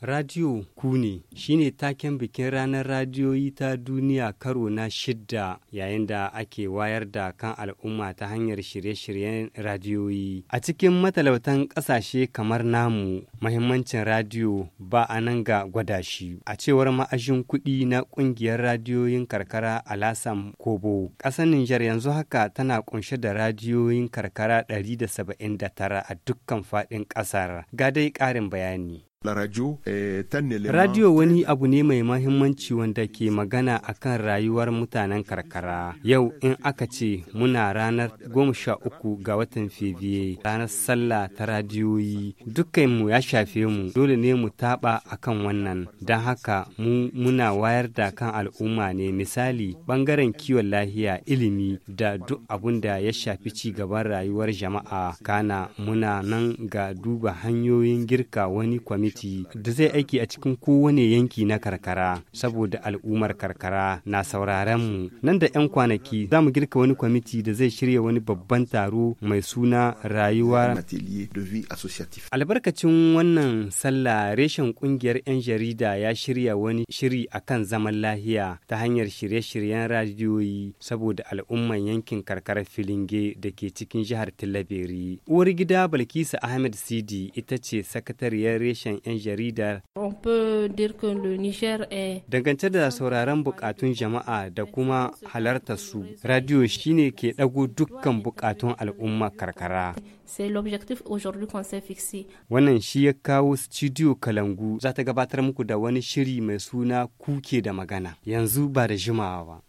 Radiyo ku ne shine taken bikin ranar radiyoyi ta duniya karo na shidda yayin da ake wayar da kan al'umma ta hanyar shirye-shiryen radiyoyi. A cikin matalautan ƙasashe kamar namu, mahimmancin radiyo ba a nan ga gwada shi. A cewar ma'ashin kuɗi na ƙungiyar radiyoyin karkara a Alasan Kobo, ƙasar Nijar yanzu haka tana kunshe da radiyoyin karkara 179 a dukkan faɗin ƙasar. Ga dai ƙarin bayani. Radio, wani abu ne mai mahimmanci wanda ke magana a kan rayuwar mutanen karkara. Yau in aka ce muna ranar goma sha uku ga watan Fabiye ranar sallah ta radiyoyi dukkanmu ya shafe mu dole ne mu taɓa akan wannan. Don haka mu muna wayar da kan al'umma ne misali bangaren kiwon lahiya ilimi da duk abun da ya shafi ci gaban rayuwar jama'a. Kana muna nan ga duba hanyoyin girka wani kwami kwamiti da zai aiki a cikin kowane yanki na karkara saboda al'ummar karkara na sauraren mu nan da 'yan kwanaki za mu girka wani kwamiti da zai shirya wani babban taro mai suna rayuwa albarkacin wannan sallah reshen kungiyar 'yan jarida ya shirya wani shiri akan zaman lahiya ta hanyar shirye-shiryen radiyoyi saboda al'umman yankin karkara filinge da ke cikin jihar tillaberi uwar gida balkisa ahmed sidi ita ce sakatariyar reshen 'yan jaridar. Dangance da sauraron bukatun jama'a da kuma halartar su, radio shine ke ɗago dukkan bukatun al'umma karkara. Wannan shi ya kawo studio Kalangu za ta gabatar muku da wani shiri mai suna kuke da magana yanzu ba da jimawa ba.